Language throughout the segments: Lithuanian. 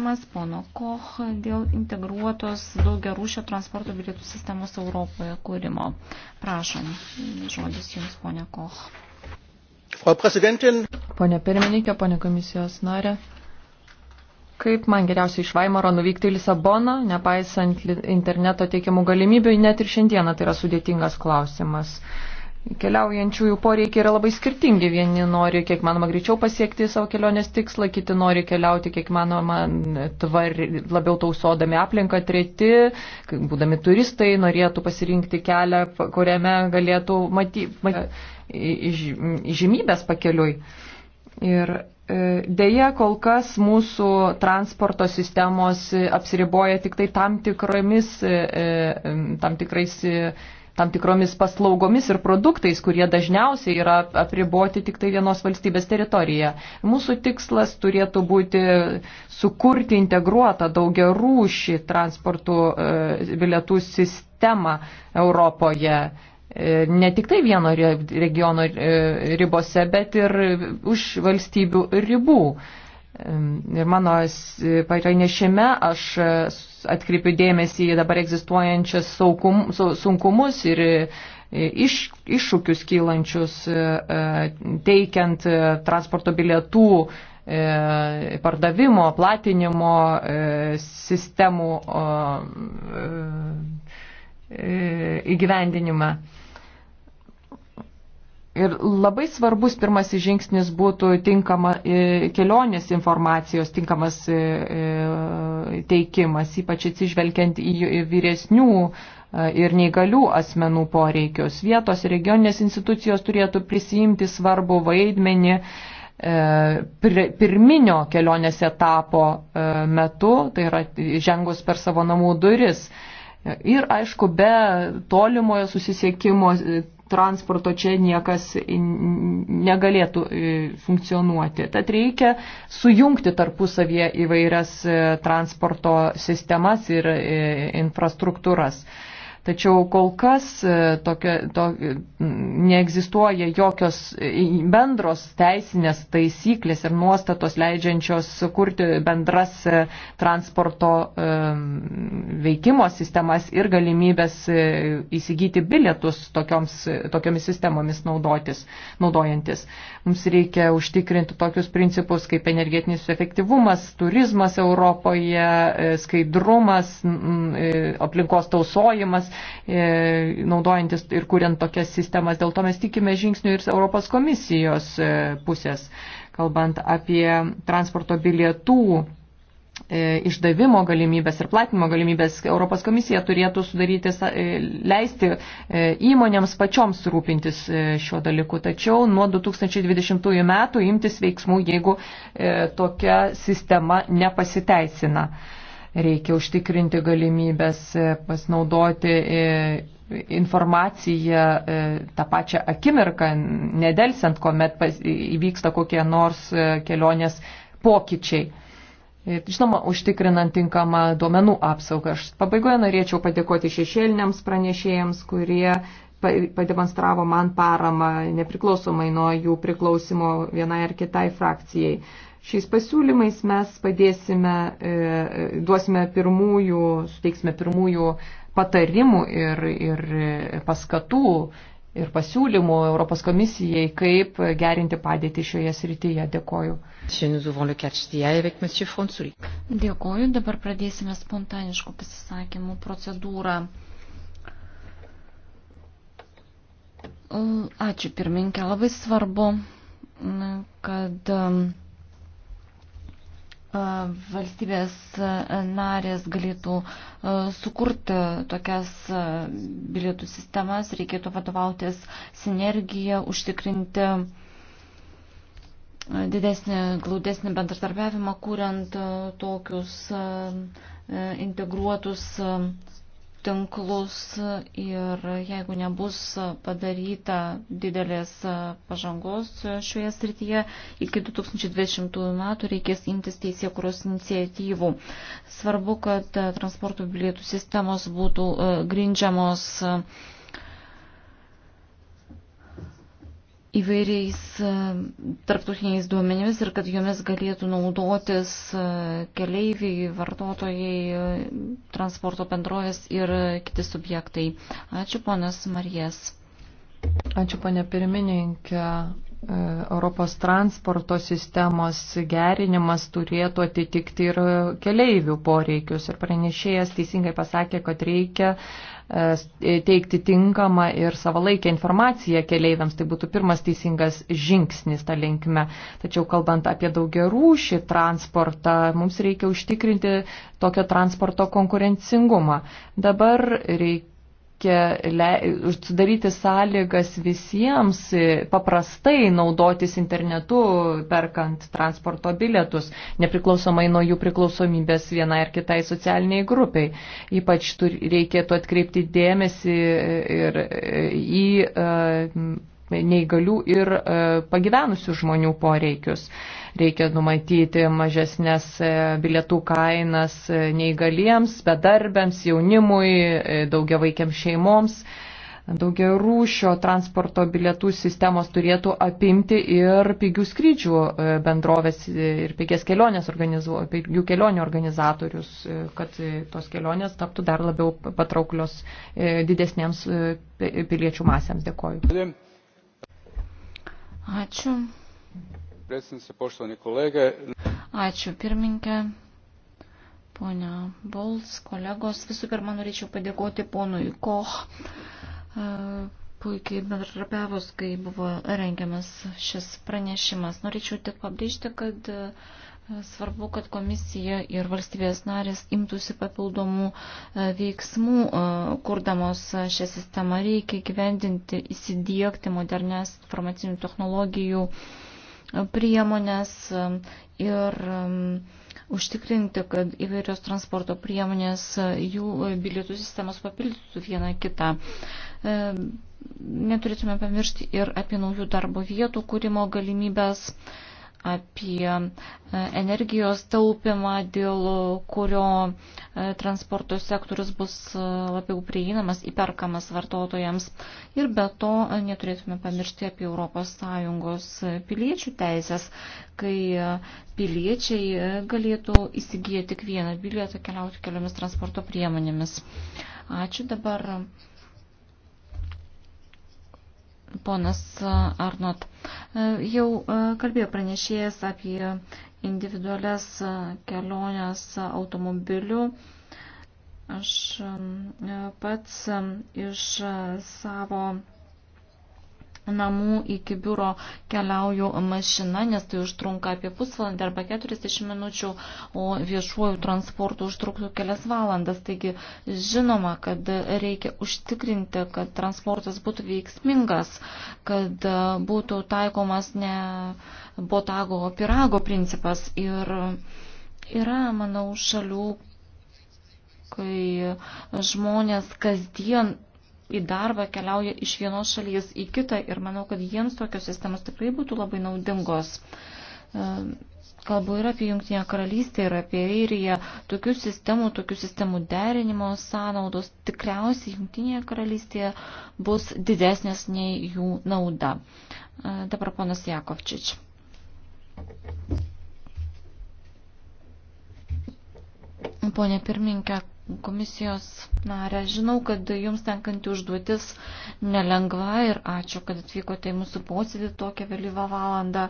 klausimas pono Koch dėl integruotos daugia rūšio transporto bilietų sistemos Europoje kūrimo. Prašom, žodis jums, pone Koch. Pone pirmininkė, pone komisijos narė, kaip man geriausiai iš Vaimaro nuvykti į Lisaboną, nepaisant interneto teikiamų galimybių, net ir šiandieną tai yra sudėtingas klausimas. Uh, keliaujančiųjų poreikiai yra labai skirtingi. Vieni nori kiek manoma greičiau pasiekti savo kelionės tikslą, kiti nori keliauti kiek manoma tvar, labiau tausodami aplinką, treti, būdami turistai, norėtų pasirinkti kelią, kuriame galėtų matyti maty, žymybės pakeliui. Ir e, Deja, kol kas mūsų transporto sistemos apsiriboja tik tai tam, tikromis, e, e, tam tikrais tam tikromis paslaugomis ir produktais, kurie dažniausiai yra apriboti tik tai vienos valstybės teritorija. Mūsų tikslas turėtų būti sukurti integruotą daugia rūšį transportų e, bilietų sistemą Europoje e, ne tik tai vieno regiono e, ribose, bet ir už valstybių ribų. Ir mano pranešime aš e, atkreipiu dėmesį į dabar egzistuojančias saukum, sunkumus ir e, iš, iššūkius kylančius e, teikiant transporto bilietų pardavimo, platinimo sistemų įgyvendinimą. Ir labai svarbus pirmasis žingsnis būtų tinkama e, kelionės informacijos, tinkamas e, e, teikimas, ypač atsižvelgiant į vyresnių ir neįgalių asmenų poreikius. Vietos ir regioninės institucijos turėtų prisijimti svarbu vaidmenį pirminio kelionės etapo metu, tai yra žengus per savo namų duris. Ir aišku, be tolimojo susisiekimo transporto čia niekas negalėtų e, funkcionuoti. Tad reikia sujungti tarpusavie įvairias e, transporto sistemas ir e, infrastruktūras. Tačiau kol kas e, tokio, to, neegzistuoja jokios e, bendros teisinės taisyklės ir nuostatos leidžiančios kurti bendras e, transporto veikimo sistemas ir galimybės įsigyti bilietus tokioms, tokiomis sistemomis naudotis, naudojantis. Mums reikia užtikrinti tokius principus kaip energetinis efektyvumas, turizmas Europoje, skaidrumas, aplinkos tausojimas E, naudojantis ir kuriant tokias sistemas. Dėl to mes tikime žingsnių ir Europos komisijos e, pusės, kalbant apie transporto bilietų e, išdavimo galimybės ir platinimo galimybės Europos komisija turėtų sudaryti, leisti įmonėms pačioms rūpintis šiuo dalyku. Tačiau nuo 2020 metų imtis veiksmų, jeigu tokia sistema nepasiteisina. Reikia užtikrinti galimybės e, pasinaudoti e, informaciją e, tą pačią akimirką, nedelsiant, kuomet įvyksta kokie nors kelionės pokyčiai. Ir, žinoma, užtikrinant tinkamą duomenų apsaugą. Aš pabaigoje norėčiau padėkoti šešėliniams pranešėjams, kurie pademonstravo man paramą nepriklausomai nuo jų priklausimo vienai ar kitai frakcijai. Šiais pasiūlymais mes padėsime, e, duosime pirmųjų, suteiksime pirmųjų patarimų ir, ir paskatų ir pasiūlymų Europos komisijai, kaip gerinti padėtį šioje srityje. Dėkoju. Dėkoju, dabar pradėsime spontaniškų pasisakymų procedūrą. Ačiū pirminkė, labai svarbu, kad valstybės narės galėtų sukurti tokias bilietų sistemas, reikėtų vadovautis sinergiją, užtikrinti didesnį, glaudesnį bendradarbiavimą, kuriant tokius integruotus tinklus ir jeigu nebus padaryta didelės pažangos šioje srityje, iki 2020 metų reikės imtis teisėkuros iniciatyvų. Svarbu, kad transporto bilietų sistemos būtų e, grindžiamos įvairiais e, tarptautiniais duomenimis ir kad jomis galėtų naudotis e, keleiviai, vartotojai, e, transporto bendrovės ir kiti subjektai. Ačiū ponas Marijas. Ačiū ponė pirmininkė. Europos transporto sistemos gerinimas turėtų atitikti ir keleivių poreikius. Ir pranešėjas teisingai pasakė, kad reikia e, teikti tinkamą ir savalaikę informaciją keleiviams. Tai būtų pirmas teisingas žingsnis tą linkme. Tačiau kalbant apie daugiarūšį transportą, mums reikia užtikrinti tokio transporto konkurencingumą. Dabar reikia reikia sudaryti sąlygas visiems e, paprastai naudotis internetu, perkant transporto bilietus, nepriklausomai nuo jų priklausomybės vienai ar kitai socialiniai grupiai. Ypač reikėtų atkreipti dėmesį e, ir e, į neįgalių ir e, pagyvenusių žmonių poreikius. Reikia numatyti mažesnės e, bilietų kainas e, neįgaliems, bedarbiams, jaunimui, daugiavaikiams šeimoms daugia rūšio transporto bilietų sistemos turėtų apimti ir pigių skrydžių bendrovės ir pigias kelionės organizuo, pigių kelionių organizatorius, kad tos kelionės taptų dar labiau patrauklios didesniems piliečių masėms. Dėkoju. Ačiū. Ačiū pirmininkė, ponia Bols, kolegos. Visų pirma, norėčiau padėkoti ponui Koch. E, puikiai bendradarbiavus, kai buvo rengiamas šis pranešimas. Norėčiau tik pabrėžti, kad uh, Svarbu, kad komisija ir valstybės narės imtųsi papildomų e, veiksmų, e, kurdamos e, šią sistemą reikia gyvendinti, įsidėkti modernės informacinių technologijų priemonės ir užtikrinti, kad įvairios transporto priemonės jų bilietų sistemos papildytų vieną kitą. Neturėtume pamiršti ir apie naujų darbo vietų kūrimo galimybės apie e, energijos taupimą, dėl kurio e, transporto sektorius bus e, labiau prieinamas, įperkamas vartotojams. Ir be to neturėtume pamiršti apie ES piliečių teisės, kai piliečiai galėtų įsigyti tik vieną bilietą keliauti keliomis transporto priemonėmis. Ačiū dabar. Ponas Arnot, E, jau e, kalbėjo pranešėjas apie individualias e, keliones automobiliu. Aš pats iš savo namų iki biuro keliauju mašina, nes tai užtrunka apie pusvalandį arba 40 minučių, o viešuoju transportu užtruktų kelias valandas. Taigi žinoma, kad reikia užtikrinti, kad transportas būtų veiksmingas, kad būtų taikomas ne botago, o pirago principas. Ir yra, manau, šalių, kai žmonės kasdien į darbą keliauja iš vienos šalies į kitą ir manau, kad jiems tokios sistemos tikrai būtų labai naudingos. E, kalbu ir apie Junktinę karalystę, ir apie Airiją. Tokių sistemų, tokių sistemų derinimo sąnaudos tikriausiai Junktinėje karalystėje bus didesnės nei jų nauda. E, dabar ponas Jakovčič. Pone pirminkė, Komisijos narė, žinau, kad jums tenkanti užduotis nelengva ir ačiū, kad atvykote į mūsų posėdį tokią vėlyvą valandą.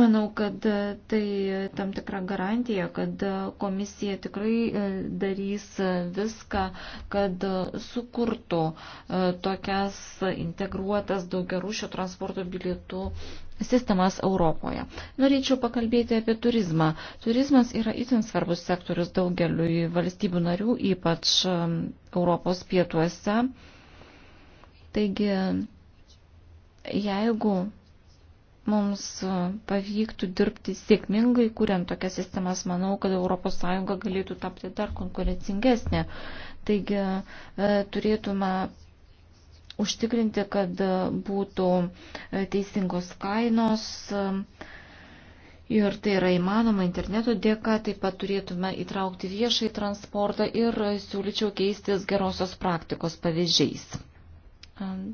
Manau, kad tai tam tikra garantija, kad komisija tikrai e, darys viską, kad sukurtų e, tokias integruotas daugiarūšio transporto bilietų sistemas Europoje. Norėčiau pakalbėti apie turizmą. Turizmas yra itin svarbus sektorius daugeliui valstybių narių, ypač um, Europos pietuose. Taigi, jeigu mums pavyktų dirbti sėkmingai, kuriant tokias sistemas, manau, kad ES galėtų tapti dar konkurencingesnė. Taigi e, turėtume užtikrinti, kad būtų teisingos kainos. Ir tai yra įmanoma interneto dėka, taip pat turėtume įtraukti viešai transportą ir siūlyčiau keistis gerosios praktikos pavyzdžiais.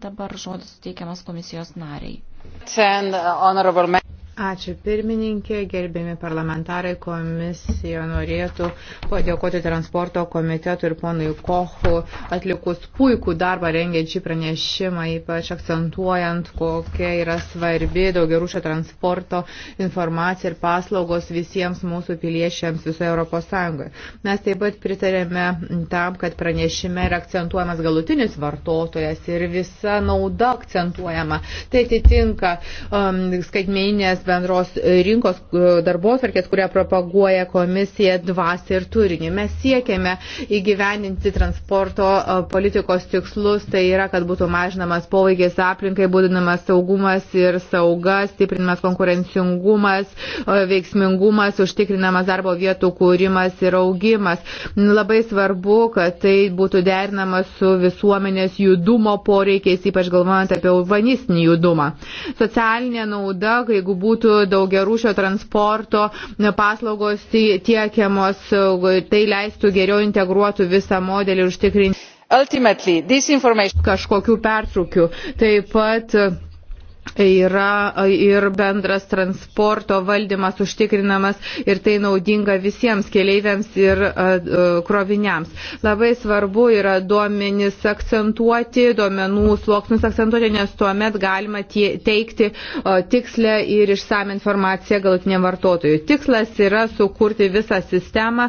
Dabar žodis suteikiamas komisijos nariai. Uh, Ačiū pirmininkė, gerbėmi parlamentarai, komisija norėtų padėkoti transporto komitetu ir ponui Kochu atlikus puikų darbą rengiant šį pranešimą, ypač akcentuojant, kokia yra svarbi daugiarūšio transporto informacija ir paslaugos visiems mūsų piliečiams visoje Europos Sąjungoje. Mes taip pat pritarėme tam, kad pranešime yra akcentuojamas galutinis vartotojas ir visa nauda akcentuojama. Tai atitinka um, skaitmeinės bendros rinkos e, darbosvarkės, kurią propaguoja komisija dvasia ir turinį. Mes siekiame įgyveninti transporto e, politikos tikslus, tai yra, kad būtų mažinamas poveikis aplinkai, būdinamas saugumas ir sauga, stiprinamas konkurencingumas, e, veiksmingumas, užtikrinamas darbo vietų kūrimas ir augimas. Labai svarbu, kad tai būtų derinama su visuomenės judumo poreikiais, ypač galvojant apie urbanistinį judumą. Socialinė nauda, jeigu būtų būtų daugiarūšio transporto paslaugos tiekiamos, tai leistų geriau integruotų visą modelį ir užtikrinti kažkokių pertrūkių. Taip pat yra ir bendras transporto valdymas užtikrinamas ir tai naudinga visiems keleiviams ir kroviniams. Labai svarbu yra duomenys akcentuoti, duomenų sluoksnius akcentuoti, nes tuomet galima teikti tikslę ir išsame informaciją galutiniam vartotojui. Tikslas yra sukurti visą sistemą,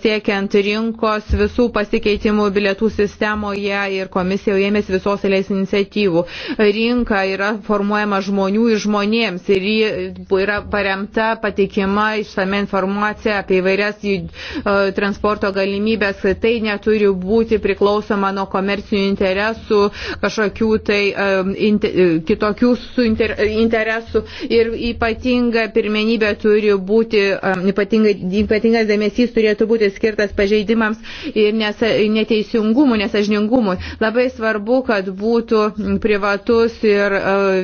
siekiant rinkos visų pasikeitimų bilietų sistemoje ir komisijoje ėmėsi visos eilės iniciatyvų. Rinka yra formuojama formuojama žmonių ir žmonėms ir ji yra paremta patikima išsame informacija apie įvairias jų e, transporto galimybės. Tai neturi būti priklausoma nuo komercinių interesų, kažkokių tai e, inte, e, kitokių inter, interesų ir ypatinga pirmenybė turi būti, ypatinga, ypatingas dėmesys turėtų būti skirtas pažeidimams ir nes, neteisingumui, nesažningumui. Labai svarbu, kad būtų privatus ir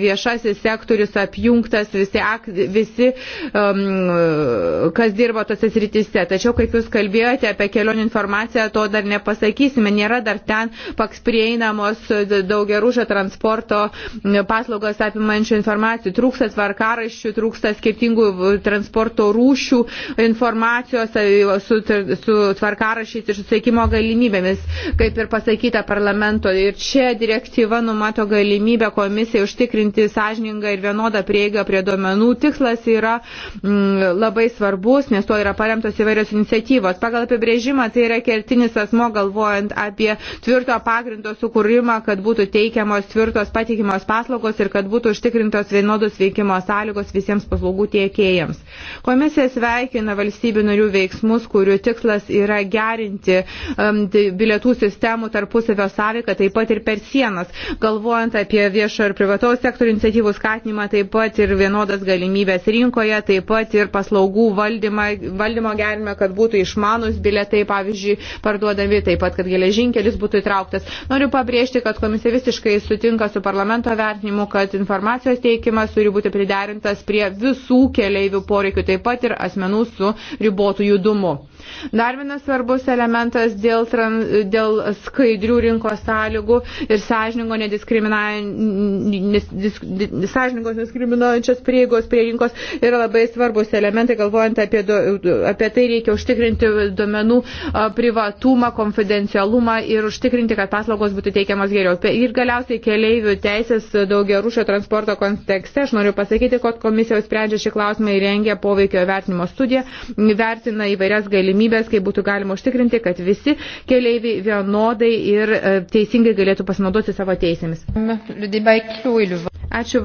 viešas viešasis sektorius apjungtas, visi, visi um, kas dirba tose sritise. Tačiau, kaip jūs kalbėjote apie kelionių informaciją, to dar nepasakysime. Nėra dar ten paks prieinamos daugiarūšio transporto paslaugos apimančių informacijų. Trūksta tvarkaraščių, trūksta skirtingų transporto rūšių informacijos tai su, su tvarkarašiais ir susiekimo galimybėmis, kaip ir pasakyta parlamento. Ir čia direktyva numato galimybę komisijai užtikrinti užtikrinti sąžiningą ir vienodą prieigą prie duomenų. Tikslas yra m, mm, labai svarbus, nes to yra paremtos įvairios iniciatyvos. Pagal apibrėžimą tai yra kertinis asmo galvojant apie tvirto pagrindo sukūrimą, kad būtų teikiamos tvirtos patikimos paslaugos ir kad būtų užtikrintos vienodos veikimo sąlygos visiems paslaugų tiekėjams. Komisija sveikina valstybių narių veiksmus, kurių tikslas yra gerinti um, bilietų sistemų tarpusavio sąveiką, taip pat ir per sienas, galvojant apie viešo ir privataus sektorių sektorių iniciatyvų skatinimą, taip pat ir vienodas galimybės rinkoje, taip pat ir paslaugų valdymą, valdymo gerimą, kad būtų išmanus biletai, pavyzdžiui, parduodami, taip pat, kad geležinkelis būtų įtrauktas. Noriu pabrėžti, kad komisija visiškai sutinka su parlamento vertinimu, kad informacijos teikimas turi būti priderintas prie visų keleivių poreikių, taip pat ir asmenų su ribotų judumu. Dar vienas svarbus elementas dėl, dėl skaidrių rinkos sąlygų ir sąžiningo nediskriminavimo sąžiningos diskriminuojančios prieigos prie rinkos yra labai svarbus elementai, galvojant apie, do, apie tai reikia užtikrinti duomenų privatumą, konfidencialumą ir užtikrinti, kad paslaugos būtų teikiamas geriau. Ir galiausiai keleivių teisės daugiarūšio transporto kontekste aš noriu pasakyti, kad komisijos sprendžia šį klausimą ir rengia poveikio vertinimo studiją, vertina įvairias galimybės, kaip būtų galima užtikrinti, kad visi keleiviai vienodai ir e, teisingai galėtų pasinaudoti savo teisėmis. Ačiū